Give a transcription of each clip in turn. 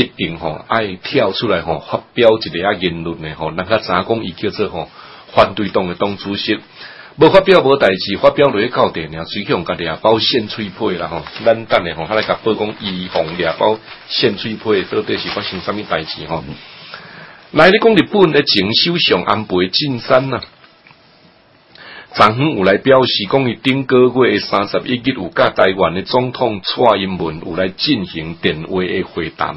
一定吼、哦、愛跳出來吼、哦、發表一個啊言論嘞吼，那個三講伊叫做吼、哦、反對黨嘅黨主席，無發表無代志發表落去搞掂了，水鄉個兩包鮮脆皮啦吼、哦，咱等咧吼、哦，較來甲報講伊掠包鮮脆皮到底是發生啥物代志吼？來你講日本嘅前首相安倍晉三呐，昨昏有來表示，講伊頂個月嘅三十一日有甲台灣嘅總統蔡英文有來進行電話嘅會談。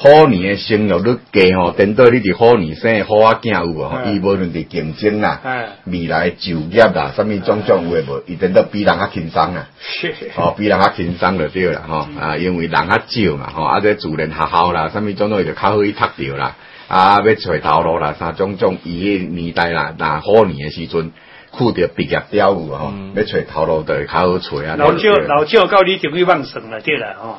好年嘅生育率低吼，等到你哋虎年生的虎仔囝有無吼，伊無論佇競爭啦，哎、未來就業啦，啥物種種有無？伊等到比人比較輕鬆啊，哦，比人比較輕鬆著對啦吼、哦。啊，因為人較少嘛吼、哦，啊，再自然學校啦，啥物種種著較好去讀掉啦。啊，要揣頭路啦，啥種種，伊年代啦，那虎年嘅時陣，拄著畢業掉有無？吼、哦嗯，要揣頭路著會較好揣啊。老少老少到你就去忘算啦，對啦吼。哦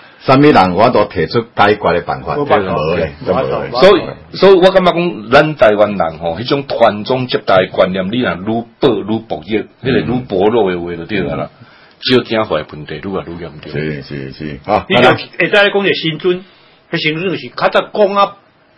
甚物人我都提出解決的辦法。本來本來所，所以，所以我感覺講咱台灣人吼迄種傳宗接代的觀念，你若愈薄愈薄弱、嗯嗯，你係愈薄弱嘅話就對噶啦，只有聽話誒問題，越嚟愈嚴重。係係係，啊！你又誒，再講嘅新春，嗰啲新春係佢就講啊。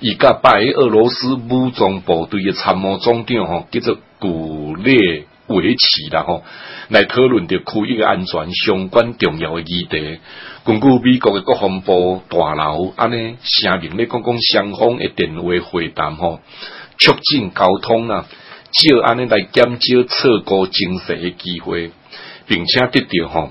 伊個白俄羅斯武裝部隊嘅參謀總長吼、哦，叫做古列維奇啦吼、哦，來討論着區域安全相關重要嘅議題。根據美國嘅國防部大樓安尼聲明，咧講講雙方嘅電話會談吼，促進交通啊，只有安尼來減少錯過軍事嘅機會，並且得到吼、哦。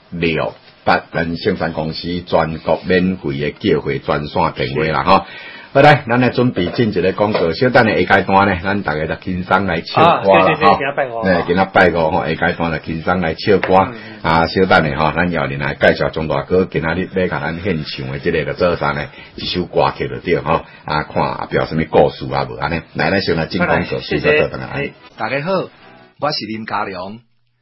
六百人生產公司全國免費嘅繳會轉送電話啦吼，好嘞，咱來準備進一個廣告，稍等下一階段呢，咱逐個就輕鬆來唱歌啦哈！啊，謝拜五。誒，今仔拜五吼，下階段就輕鬆來唱歌啊！小等咧哈，咱由您來介紹張大哥，今天要跟他咧買咱獻唱嘅這個嘅舟山咧一首歌曲就對吼。啊，看啊，表示咩故事啊無安尼？來奶先來進廣告，謝謝，來大家好，我是林嘉良。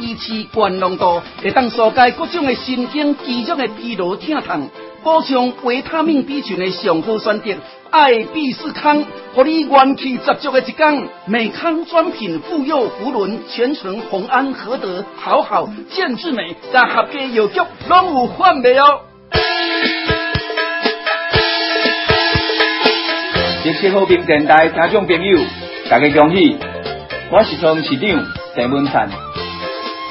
維持關濃度，會當紓解各種嘅神經肌肉嘅疲勞疼痛，補充維他命 B 群嘅上好選擇。愛必適康，互你元氣十足嘅一天。美康專品婦幼福輪，全程紅安合德、好好、健之美，在合佳藥局攏有販賣哦。謝謝好兵電台聽眾朋友，大家恭喜，我是創市長鄭文燦。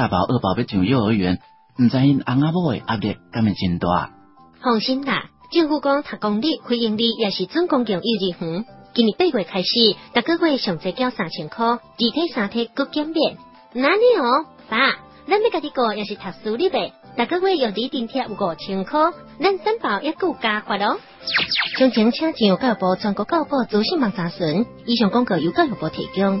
大寶二寶要上幼兒園，唔知因阿媽婆壓力咁咪真大。放心啦，啊，政府講，讀公立、非營利也是準公共幼兒園，今年八月開始，每個月上在要三千塊，具體三天各減免。哪裏哦，爸，咱每個地方也是特殊啲唄，每個月有地津貼五千塊，咱們三寶也夠加花咯。詳情請進入各報全國各報資訊網查詢，以上公告由教育部提供。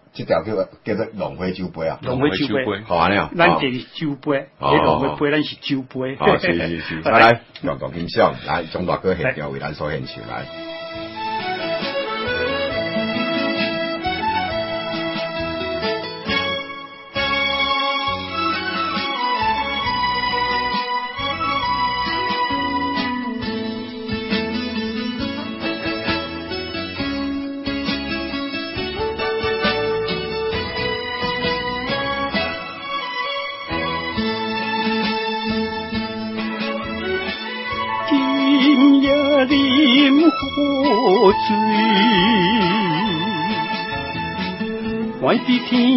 這條叫叫做龍花酒杯啊，龍花酒杯好玩、哦哦哦哦哦哦哦、 啊，咱哋是酒杯，你浪花杯，咱是酒杯。好，謝， 謝謝。嚟，楊導見笑，嚟，張大哥獻酒為咱所獻酒嚟。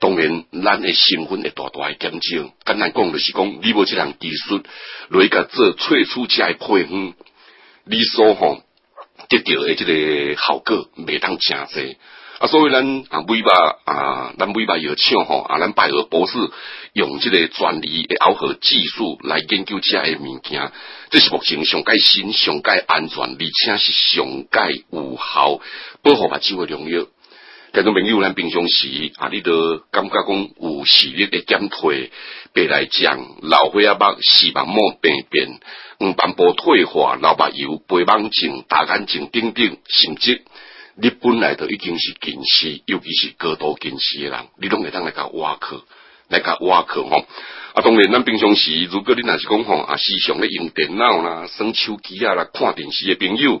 當然，咱嘅身份會大大嘅減少。簡單講，就是講你要即樣技術來甲做萃取只個配方，你所吼得到的即個效果未通真儕。啊，所以咱啊尾巴啊，咱尾巴有搶吼啊，咱拜爾博士用即個專利嘅熬合技術來研究只個物件，這是目前上界新、上界安全，而且是上界有效，保護目睭嘅用藥。聽眾朋友，咱平常時啊你著感覺講有視力嘅減退，白內障、老花眼、視網膜病變，黃斑部退化、老白油、白網症、大眼睛等等，甚至你本來就已經是近視，尤其是高度近視誒人，你攏會通來搞眼科，來搞眼科哦。啊，當然，咱平常時，如果你若是講吼啊，時常咧用電腦啦、耍手機啊、啦看電視誒朋友。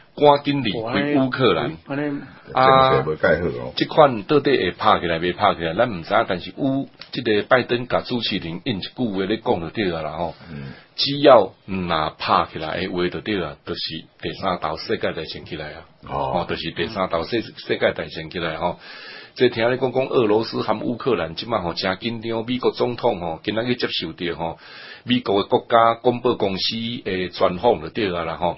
趕緊離開烏克蘭，啊，啊，政策，好哦，這款到底會拍起來未拍起來？咱唔知啊。但是烏，這個拜登甲蘇志玲因一句話咧講到對個啦吼。只要唔拿拍起來，話到對個，就是第三島世界大戰起來啊！哦，哦，就是第三島世世界大戰起來吼。即、哦嗯、聽你講講俄羅斯含烏克蘭，即嘛吼真緊張。美國總統吼今日去接受到吼，美國嘅國家廣播公司誒專訪到對個啦吼。哦